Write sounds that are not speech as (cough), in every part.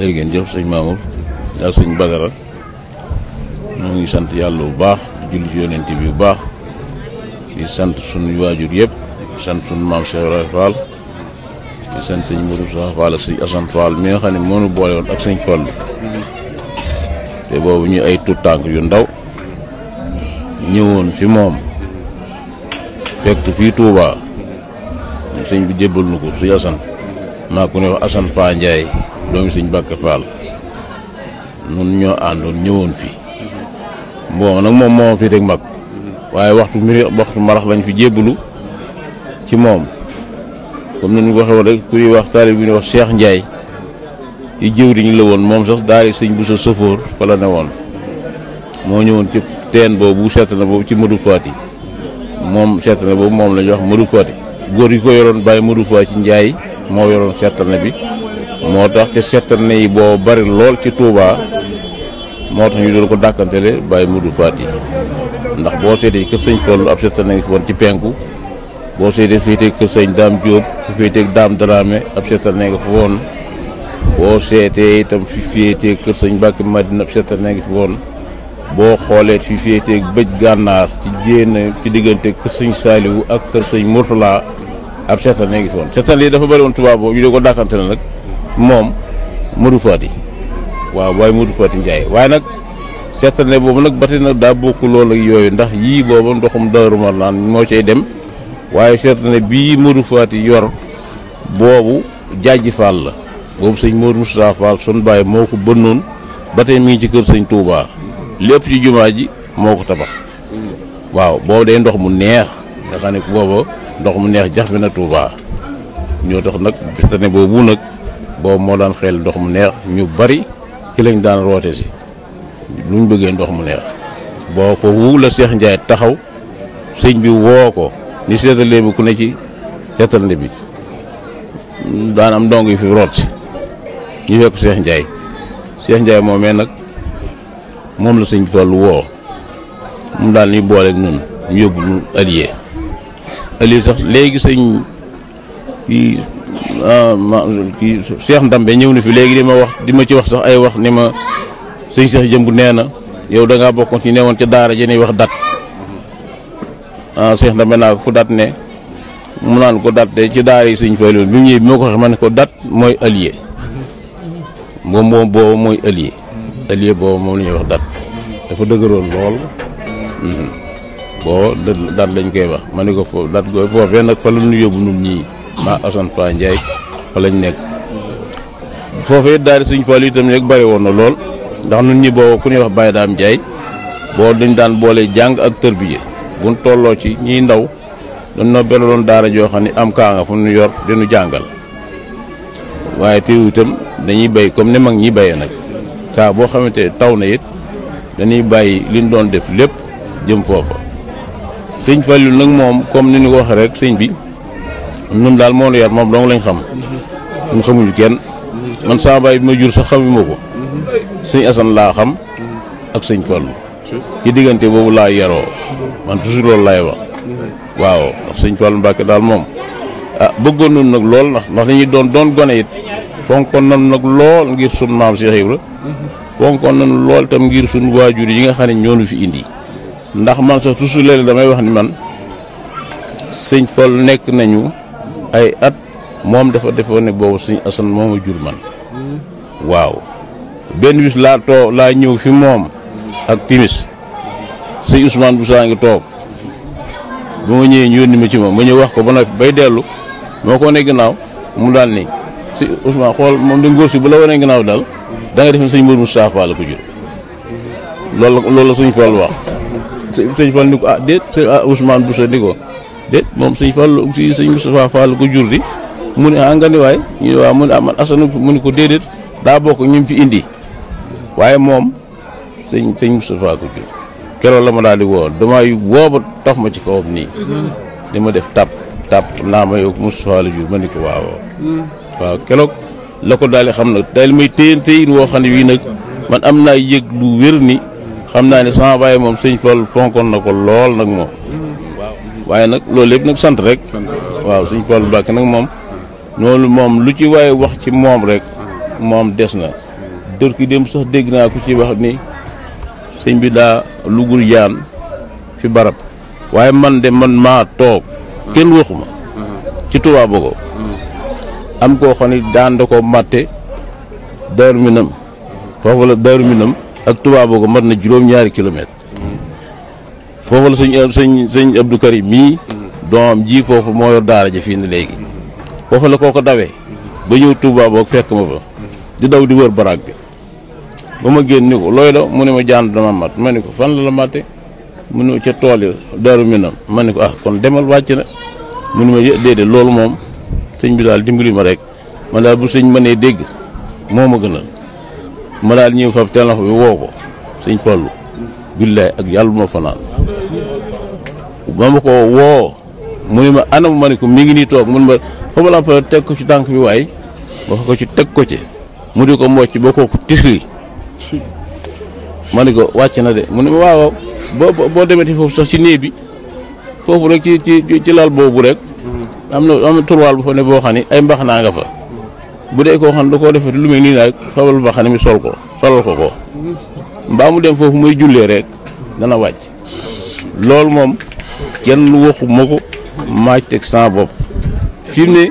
jërë ngeen jëf sëñ Mamour ak sëñ Badara ñoo ngi sant yàlla bu baax di julli ci yonent bi bu baax di sant suñu waajur yëpp di sant suñu maam Cheikh Ibrahima di sant sëñ Mourou Sax Fall ak sëñ Assane Fall mi nga xam ne moo nu ak woon ak sëñ te boobu ñu ay tuut tànk yu ndaw ñëwoon fi moom fekk fii Touba sëñ bi jébbal nu ko sëñ Assane maa ko ne wax Assane Fa Ndiaye doomi sëñ Bàkka Fall nun ñoo àndoon ñëwoon fi bon nag moom moo fi teg mag waaye waxtu mbiri waxtu marax lañ fi jébbalu ci moom comme ni ñu waxee woon rek ku ñuy wax taalib bi ñuy wax Cheikh Ndiaye ci jëwriñ la woon moom sax daari sëñ bu sa sëfoor fa la ne woon moo ñëwoon ci teen boobu seet na boobu ci Modou Fati moom seet na boobu moom la ñuy wax Modou Fati góor yi ko yoroon bàyyi Modou Fati ci njaay moo yoroon seet na bi moo tax te seetal na yi boo bari lool ci Touba moo tax ñu doon ko dàkkantele Baye Modou Faty ndax boo seetee kër sëñ Fallu na ngi fi woon ci penku boo seetee féetee kër sëñ Daam Diop féetee Daam Dramé ab seetal na nga fi woon boo seetee itam fi féetee kër sëñ Mbàkke Madina ab seetal na ngi fi woon boo xoolee fi féetee bëj gànnaar ci jéen ci diggante kër sëñ Saaliwu ak kër sëñ Murtala ab seetal na ngi fi woon seetal yi dafa bari woon Touba boobu ñu doon ko dàkkantele nag moom Modou Fati waaw waaye Modou Fati Ndiaye waaye nag seetane boobu nag bati na daa bokk loolu yooyu ndax yii boobu ndoxum Daaru Marnaan moo cay dem waaye seetane bii Modou Fati yor boobu jaaji Fall la boobu sëñ Modou Moustapha Fall sun baay moo ko bënnoon ba tey mi ngi ci kër sëñ Touba lépp ci jumaa ji moo ko tabax waaw boobu day ndox mu neex nga xam ne booba ndox mu neex jax bi na Touba ñoo tax nag seetane boobu nag boobu moo daan xel ndox mu neex ñu bari ci lañ daan roote si luñ bëggee ndox mu neex boo foofu la Cheikh Ndiaye taxaw sëñ bi woo ko ni seetalee bi ku ne ci seetalnde bi daan am dong yi fi root si ñu fekk Cheikh Ndiaye Cheikh Ndiaye moomee nag moom la sëñ toll woo mu daal ni booleeg nun ñu yóbbu ñu allié allié sax léegi sëñ ah ma kii Ndambe ñëw na fi léegi di ma wax di ma ci wax sax ay wax ni ma sëñ Cheikh Jëmb nee na yow da ngaa bokkoon ci newoon ca daara ji wax dat ah Cheikh Ndambe naa ko fu dat ne mu naan ko dat de ci daara yi sëñ Fallou bi mu ñëwee bi ma ko waxee ma ne ko dat mooy allié moom moom boobu mooy allié allié boobu moom la wax dat dafa dëgëroon lool mhm. boo dat lañ koy wax ma ne ko foofu dat gooy foofee nag fa la ñu yóbbu nun ñii maa Assane Fall Ndiaye fa lañ nekk foofee daal suñ Fall itam rek bari woon na lool ndax nun ñi ku ñuy wax Baye Dame Ndiaye boo dañ daan boole jàng ak tërbiye buñ tolloo ci ñiy ndaw dañ noo beraloon daara joo xam ne am kaa nga fu nu yor dinu jàngal waaye teewu itam dañuy bay comme ni mag ñi béyee nag saa boo xamante taw na it dañuy bàyyi liñ doon def lépp jëm foofa sëñ Fallou nag moom comme ni ñu ko waxee rek sëñ bi nun daal moo nu yar moom dong lañ xam ñun xamuñu kenn man sama baay bi ma jur sax xamuma ko sëñ Asan laa xam ak sëñ Fallu ci diggante boobu laa yaroo man toujours loolu laay wax waaw ndax sëñ Fallu Mbàkke daal moom ah bëggoon nun nag lool ndax ndax dañuy doon doon gone it fonkoon nanu nag lool ngir sun maam Cheikh Ibra fonkoon nanu lool tam ngir sun waajur yi nga xam ne ñoo nu fi indi ndax man sax toujours léeg damay wax ni man sëñ Fallu nekk nañu ay at moom dafa defoon ne boobu suñ asan moom a jur man waaw benn bis laa too laa ñëw fi moom ak timis sëñ Ousmane bu saa ngi toog ba ma ñëwee ñu yónni ma ci moom ma ñëw wax ko ba nag bay dellu moo ko wane gannaaw mu daal ni si Ousmane xool moom da ngóor si bu la wane gannaaw daal da nga def ne sëñ Mourou Moustapha la ko jur loolu la loolu la suñ Fall wax sëñ Fall ni ko ah déet sëñ ah Ousmane bu sa ni ko de moom sëñ Fallou si sëñ Moustapha Fallou ko jur di mu ne ah nga ni waay ñu waaw ah, mu ne ko déedéet daa fi indi waaye moom sëñ sëñ Moustapha ko la ma daal di woo damay woo ma ci kawam nii def tap tap naa ma yow ma ni waaw waaw keroog la daal xam nag daal may téyen téyin woo xam ne wii nag man am naa yëg lu wér ni xam naa ne sama baay moom sëñ Fall fonkoon na ko lool nag moom waaye nag loolu lépp nag sant rek. waaw suñ Fallou Mbacké nag moom. loolu moom lu ci waaye wax ci moom rek. moom des na. dër ki dem sax dégg naa ku ci wax ni sëñ bi daa lugul jaan fi barab. waaye man de man maa toog. kenn waxuma ci Touba Bogo. am koo xam daan da ko matte Daaru Minam foofu la Daaru Minam ak Touba Bogo mat na juróom-ñaari kilomètre foofu la sëñ sëñ sëñ Abdou Karim mii doomam ji foofu moo yor daara ji fii ni léegi foofu la kooko dawee ba ñëw Touba boog fekk ma fa di daw di wër baraag ba ma génn ni ko looy la mu ne ma jaan dama mat ma ne ko fan la la matte mu ne ca tool yi Daaru Minam ma ne ko ah kon demal wàcc na mu ne ma déedéet loolu moom sëñ bi daal dimbali ma rek ma daal bu sëñ mënee dégg moo ma gënal ma daal ñëw fab téléphone bi woo ko sëñ Fallou billaay ak yàlla moo fanaan ba ma ko woo mu ma anam ma ne ko mi ngi toog mun ma xamal laa teg ko ci tànk bi waay ma ko ci teg ko ci mu di ko mocc boo ko tisli ma ne ko wàcc na de mu ne ma waaw boo boo demeti foofu sax ci néeg bi foofu rek ci ci ci lal boobu rek am na am na turwaal bu fa ne boo xam ne ay mbax naa nga fa bu dee koo xam ne da koo defee lu mel nii nag fabal mbax ne mi sol ko solal ko ko mbaa mu dem foofu muy jullee rek dana wàcc loolu moom kenn lu waxu ma ko maaj teg sans bopp fi mu ne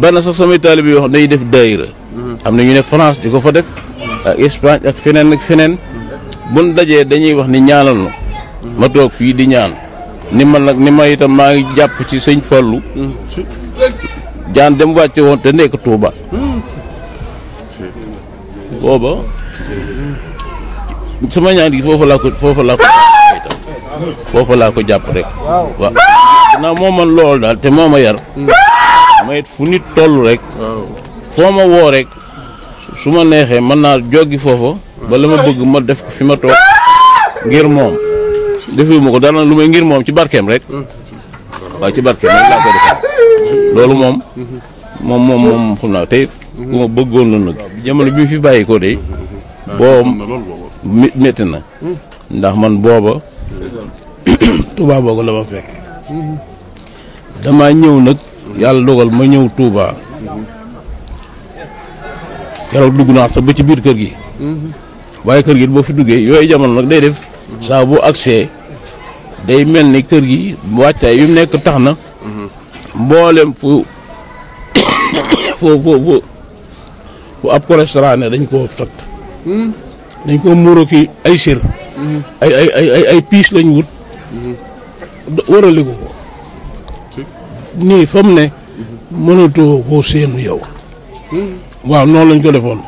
bana sax samay taalibe yoo xam ne dañuy def daayira am na ñu ne France di ko fa def ak Espagne ak feneen feneen buñ dajee dañuy wax ni ñaanal na ma toog fii di ñaan ni man nag ni ma itam maa ngi jàpp ci sëñ Fallu jaan dem wàcce woon te nekk Tuuba hmm. booba sama ñaan yi fofu la ko fofu la ko fofu la ah! ko japp rek waaw na mo man lool dal te moma ma yar hmm. mayit fu nit tollu rek foo ma rek suma nexe man na joggi fofu ba lama bëgg ma def fi ma toog ngir mom defu mako dal na lumay mom ngir mom, ci barkem rek hmm. wa ci barkem la ko def lolou mom mom mom mom xuna te ko beggol na nak jamono bi fi bayiko de bo ah, metti na ndax man booba (coughs) Touba boobu la ma fekk dama ñëw nag yàlla dogal ma ñëw Touba keroog dugg naa sax ba biir kër gi waaye kër gi boo fi duggee yooyu jamono nag day def saa bu agsee day mel ni kër gi wàccaay yu nekk tax na mbooleem fu foo (coughs) foo fu ab ko restaurant dañ koo sott dañ koo muuroo ki ay sér mm-hmm. ay ay ay piis lañ wut mm-hmm. warale ko ko nii fa mu ne mm-hmm. mënatoo koo séenu yow waaw noonu lañ ko defoon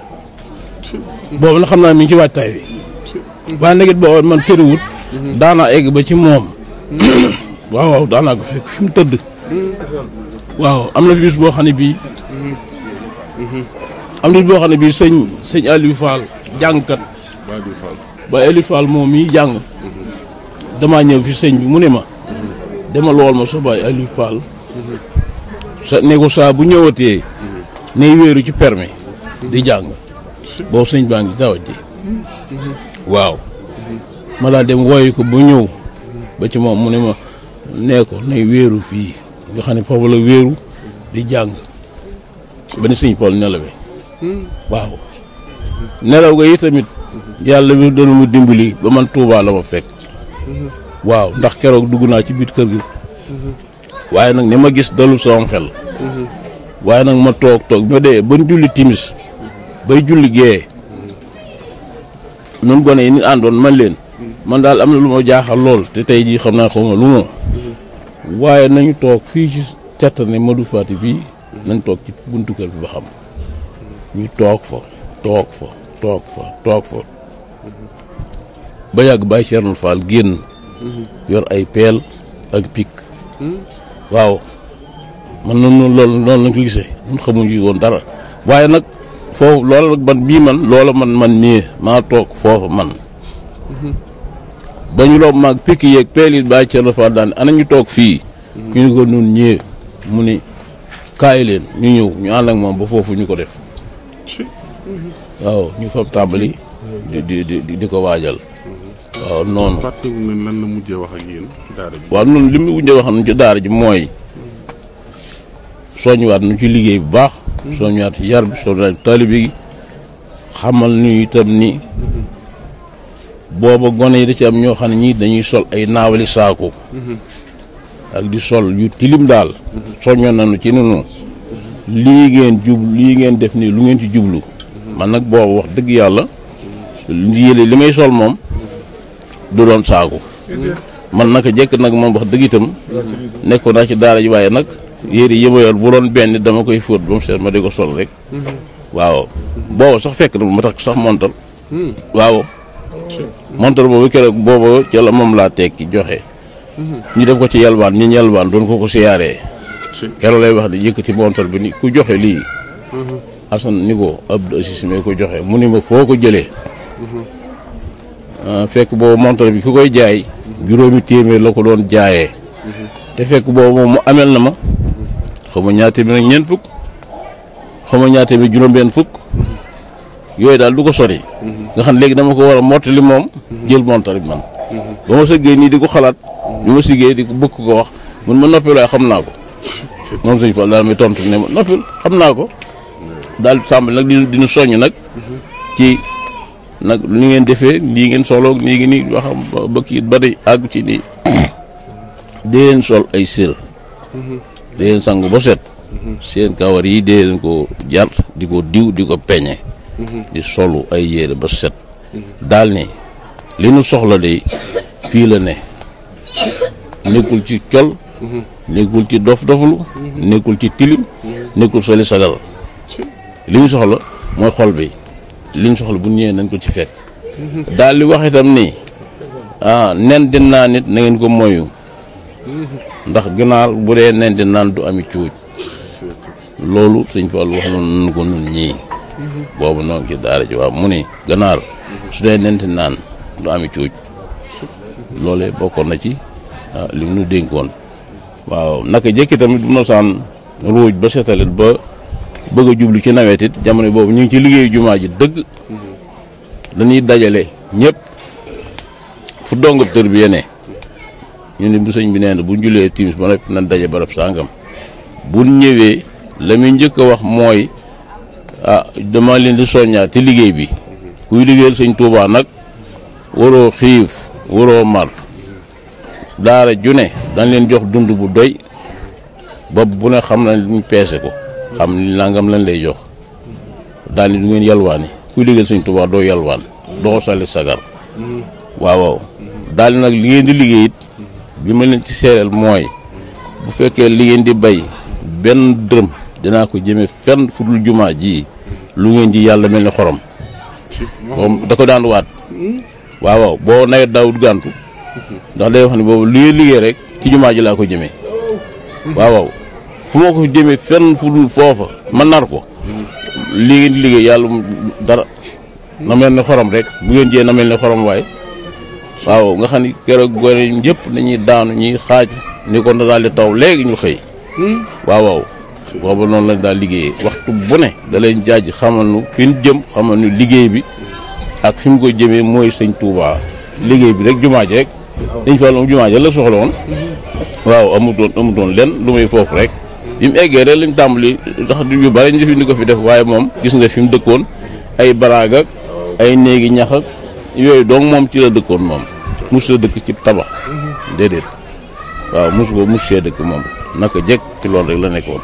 boobu na xam naa mi ngi ci waajtaay wi waaye nag it man daanaa egg ba (coughs) mu tëdd waaw am na fi bis boo xam ne bii am na bis boo xam ne bii sëñ sëñ Aliou Fall ba Eli Fall moom mii jàng damaa ñëw fi sëñ bi mu ne ma dama lool ma sa baay Eli sa ne ko saa bu ñëwatee ne wéeru ci permis di jàng boobu sëñ baa ngi tawat ji waaw ma laa dem woyu ko bu ñëw ba ci moom mu ne ma nee ko ne wéeru fii nga xam ne foofu la wéeru di jàng ba ni sëñ Fall nelawee hmm. waaw nelaw ga yi tamit yalla bi doon mu dimbali ba man Touba la ma fek waaw ndax keroog duguna ci biir kër gi waye nak nima ma gis dalul sama xel waye nak ma tok tok ba dee ban julli timis bay julli gee non goné ni àndoon man len man dal amna luma jaaxal lol te tay ji xamna luma waye nañu tok fi ci tetane Madou fatibi nañ tok ci buntu kër bi ba xam ñu tok fa tok fa toog fa toog fa ba yàgg Baye Thierno Fall génn yor ay peel ak pikk waaw man noonu loolu noonu lañ ko gisee ñun xamuñu woon dara waaye nag foofu loola nag man bii man loola man man nii maa toog foofu man ba ñu loob maag pik yeeg peel yi Baye Thierno Fall daan ana ñu toog fii ñu ñu ko noonu ñëwee mu ni kaay leen ñu ñëw ñu ànd moom ba foofu ñu ko def waaw ñu fab tàmbali. di di di di ko waajal. waaw noonu. fàttaliwul ne lan la mujjee wax ak yéen ci daara ji. waaw noonu li mu daara ji mooy soññiwaat nu ci liggéey bu baax. soññiwaat ci yar bi soññiwaat taalibe gi xamal nu itam ni booba gone yi da ci am ñoo xam ne ñii dañuy sol ay naawali saako. ak di sol yu tilim daal. soññoon nañu ci noonu. lii ngeen jub lii ngeen def nii lu ngeen ci jublu. man nag boobu wax dëgg yàlla yële li may sol moom du doon saagu man naka jekk nag moom wax dëgg itam nekkoon naa ci daara ji waaye nag yére yi ma yor bu doon benn dama koy fóot ba mu seet ma di ko sol rek waaw booba sax fekk na ma tax sax montal waaw montal boobu keroog booba ca la moom laa tekki joxe ñu def ko ci yalbaan ñu yalbaan doon ko ko siyaaree keroog lay wax di ci montal bi ni ku joxe lii Assane niveau ab Assis mi ko joxe mu ni ma foo ko jëlee. Euh, fekk boobu montre bi ki koy jaay. juróomi téeméer la ko doon jaayee. te fekk boobu moom mu amel na ma. xaw ma bi nag ñeent fukk. xaw ma ñaata bi juróom fukk. yooyu daal du ko sori. nga xam léegi dama ko war a mottali moom. jël montre bi man. ba ma nii di ko xalaat. bi ma siggee wax mun ma noppi laay xam naa ko. moom sëñ Fall daal mi tontu ne ma noppil xam naa ko. dal sàmm nak di di nu nak nag ci nak ni ngeen defé ni ngeen solo ni ngi ni wax ba kii ba day àgg ci ni (coughs) dee leen sol ay sér sangu bo set seen kawar yi ko jar di diw di ko di solu ay yéere ba set dal ni li nu soxla de fi la ne nekul ci col nekul ci dof doflu nekul ci tilim nekul soli sagal li ñu soxla mooy xol bi li ñu soxla bu ñëwee nañ ko ci fekk. daal li wax itam nii ah nen di naan nit nangeen ko moyu ndax ginaar bu dee nen di naan du ami cuuj loolu sëñ Fallu wax noonu ko nun ñii boobu noonu ci daara ji waaw mu ni ganaar su dee nen naan du ami cuuj loolee bokkoon na ci ah, li mu nu dénkoon waaw naka jëkki tamit bu na saan ruuj ba setalit ba bëgg a jublu ci nawet it jamono boobu ñu ngi ci liggéey jumaa ji dëgg dañuy mhm. dajale ñépp fu dongab tër bi yene ñu ne bu sëñ bi nee na bu julee timis ba noppi nan daje barab sàngam bu ñëwee la muy njëkk a wax mooy ah dama leen di soññaa ci liggéey bi kuy liggéeyal sëñ Tuubaa nag waroo xiif waroo mar daara ju ne dañ leen jox dund bu doy ba bu ne xam na ñu peese ko xam ni nangam lañ lay jox daal ni du ngeen yalwaani kuy liggéeyal sëñ Tuubaa doo yalwaan doo sali sagar waaw waaw daal nag li ngeen di liggéey bi mel leen ci seereel mooy bu fekkee li di bay benn dërëm dinaa ko jëme fenn fu dul jumaa ji lu ngeen ji yàlla mel ni xorom da ko daan waat waaw boo nawet daawut gàntu ndax day wax ni boobu li ngeen liggéey rek ci jumaa ji laa ko jëmee waaw fu ma ko jëmee fenn fu dul foofa ma nar ko lii ngeen liggéey yàlla dara na mel ne xorom rek bu ngeen jiyee na mel ni xorom waaye waaw nga xam ni keroog gore yëpp dañuy daanu ñuy xaaj ni ko na daal taw léegi ñu xëy hmm? waaw booba noonu lañ daal liggéeyee waxtu bu ne da leen jaaj xamal nu fi ñu jëm xamal nu liggéey bi ak fi mu ko jëmee mooy sëñ Touba liggéey bi rek jumaa ji rek dañ fa moom jumaa ji la soxla woon hmm. waaw amutoon amutoon lenn lu may foofu rekk bi mu eggee rek lañ tàmbali tax yu bari ñu fi ni ko fi def waaye moom gis nga fi mu dëkkoon ay baraag ay néegi ñax ak yooyu donc moom ci la dëkkoon moom mus la dëkk ci tabax déedéet waaw mus ko mus see dëkk moom naka jekk ci loolu rek la nekkoon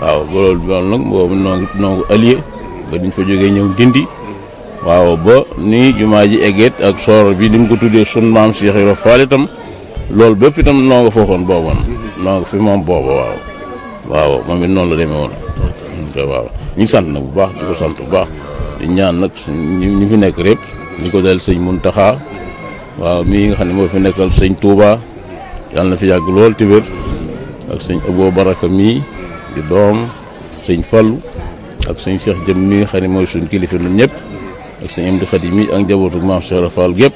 waaw loolu loolu nag boobu noo ngi noo ngi allié ba niñ fa jógee ñëw dindi waaw ba ni jumaa ji eggeet ak soor bi ni mu ko tuddee sun maam Cheikh Ibra Fall itam loolu bépp itam noo nga foofoon booboon waaw moom it noonu la demee woon. waaw ñu sant nag bu baax di ko sant bu baax di ñaan nag ñu fi nekk répp ñu ko dal sëñ Muntaxa waaw mii nga xam ne moo fi nekkal sëñ Touba yàlla na fi yàgg lool te wér ak sëñ Abo mii doom sëñ Fallu ak sëñ Cheikh Jëm mii nga xam ne mooy suñ kilifa ñun ñëpp ak sëñ Amdi Xadi mii ak njabootu maam Cheikh gépp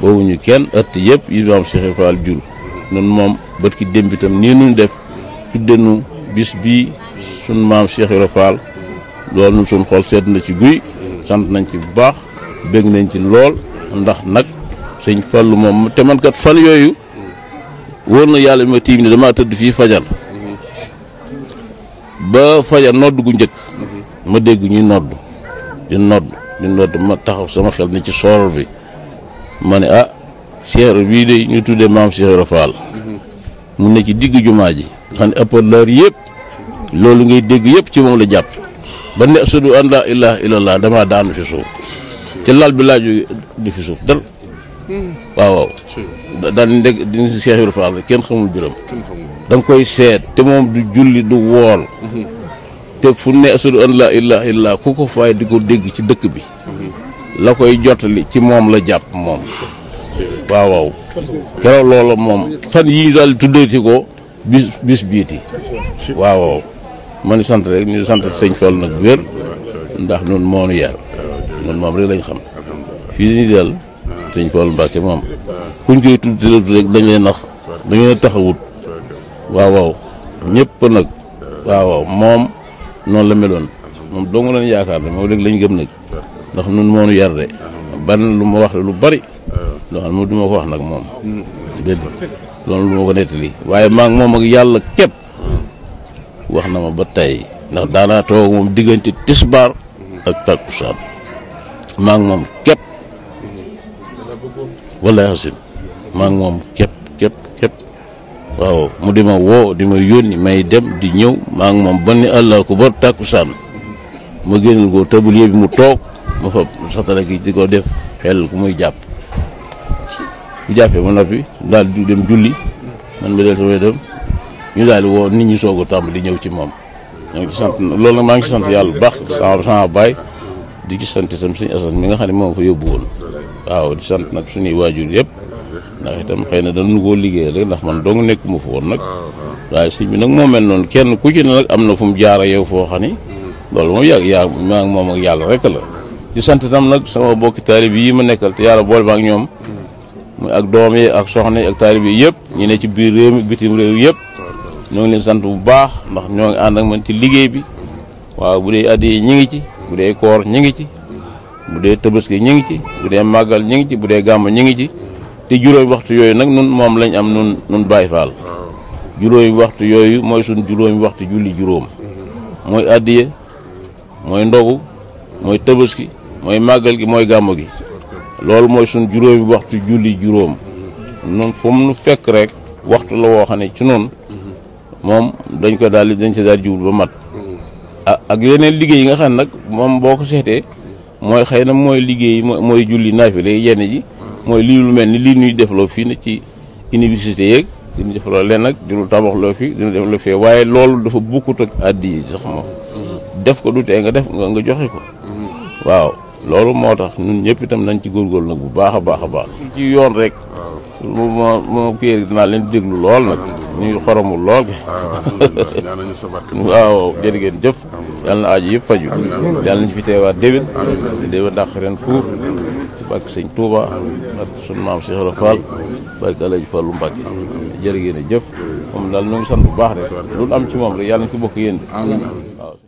boobu ñu kenn ëtt yëpp yi maam Cheikh Fall jur nun moom bët ki démb itam nii nu def tudde nu bis bii sunu maam Cheikh Ibra loolu sunu xool seet na ci guy sant nañ ci bu baax bég nañ ci lool ndax nag sëñ Fallu moom te man fal yooyu wóor na yàlla bi ma tiim ni damaa tëdd fii fajar ba fajar nodd gu njëkk ma dégg ñuy nodd di nodd di nodd ma taxaw sama xel ni ci soor bi ma ne ah seer bii de ñu mu ne ci digg jumaa ji xam ne ëppal laar yëpp loolu ngay dégg yëpp ci moom la jàpp ba ne ashadu an laa ilaaha illallah damaa daanu fi suuf ci laal bi laa di fi suuf dal waaw waaw kenn xamul biram da koy seet te moom du julli du woor mhm. te fu ne ashadu an laa ilaaha illallah ku ko faay di ko dégg ci dëkk bi mhm. la koy jottali ci moom la jàpp moom waaw keroog loola moom fan yii daal tuddeeti ko bis biiti waaw man ni sant rek ñu sant señ Fall nag wér ndax nun moo nu yar nun moom rek lañ xam fii ni dal sëñ Fall Mbàkke moom kuñ koy tudd tudd rek dañ leen nax dañu leen taxawut waaw waaw nag waaw moom noonu la meloon moom dong lañ yaakaar ne moom rek lañ gëm nag ndax nun moo nu yar de ban lu ma wax lu bari loo xam ne ko wax nag moom déedéet loolu lu ma ko nettali waaye maa moom ak yàlla képp wax na ma ba tey ndax daanaa toog moom diggante tisbaar ak takkusaan maa ngi moom képp wala xasin maa moom képp képp képp waaw mu di ma woo di ma yónni may dem di ñëw maa ngi moom ba ni àllaa ko ba takkusaan ma génnal ko tablier bi mu toog ma fa satala gi di ko def xel ku muy jàpp bu jàppee ma noppi daal di dem julli man ma del sama dem ñu daal di woo nit ñi soog a di ñëw ci moom. ñoo sant loolu nag maa ngi sant yàlla bu baax sama sama baay di ci sant itam suñu asan mi nga xam ne moom fa yóbbu woon waaw di sant nag suñuy waajur yëpp itam xëy na dañu koo liggéeyal rek ndax man dong nekk mu nag waaye sëñ nag moo mel noonu kenn ku ci ne na fu mu jaar yow foo xam ni loolu moom yàgg yaa moom ak yàlla rek la di sant itam nag sama bokki taalib yi ma nekkal te yàlla boole ma ak ñoom ak doom yi ak soxna yi ak taalib yi yëpp ñu ne ci biir réew mi bitim réew yëpp ñoo ngi leen sant bu baax ndax ñoo ngi ànd ak man ci liggéey bi waaw bu dee addiya ñi ngi ci bu dee koor ñi ngi ci bu dee tabaski ñi ngi ci bu dee màggal ñi ngi ci bu dee gàmb ñi ngi ci te juróomi waxtu yooyu nag nun moom lañ am nun nun Baay Faal juróomi waxtu yooyu mooy suñ juróom waxtu julli juróom mooy addiya mooy ndogu mooy tabaski mooy màggal gi mooy gàmb gi loolu mooy suñ juróomi waxtu julli juróom nun fu mu nu fekk rek waxtu la woo xam ne ci noonu moom dañ ko daal dañ si daal jiwul ba mat mm. ah, ak yeneen liggéey yi nga xam nag moom boo ko seetee mooy xëy na mooy liggéey mooy julli naafi lay yenn ji mooy lii lu mel ni lii nuy defloo fii na ci université yeeg diñu leen nag diñu tabaxloo fii diñu defloo waaye loolu dafa bukkut ak addi yi sax moom mm. def ko du nga def nga joxe ko mm. waaw loolu moo tax nun ñëpp itam nañ ci góorgóorlu nag bu baax a baax a baax ci yoon rek mo moo kii dinaa leen déglu lool nag ñu ngi xoromul lool. waaw jërë ngeen jëf. yàlla na aaju yëpp faju yàlla nañu fi teewaat déwén. déwén ndax ren fuuf. barke sëñ Touba. barke sunu maam Cheikh Ibra Fall. barke El Hadj Fallou Mbacké. jërë ngeen jëf. moom daal ñu ngi bu baax rek. lu am ci moom rek yàlla nañu ko bokk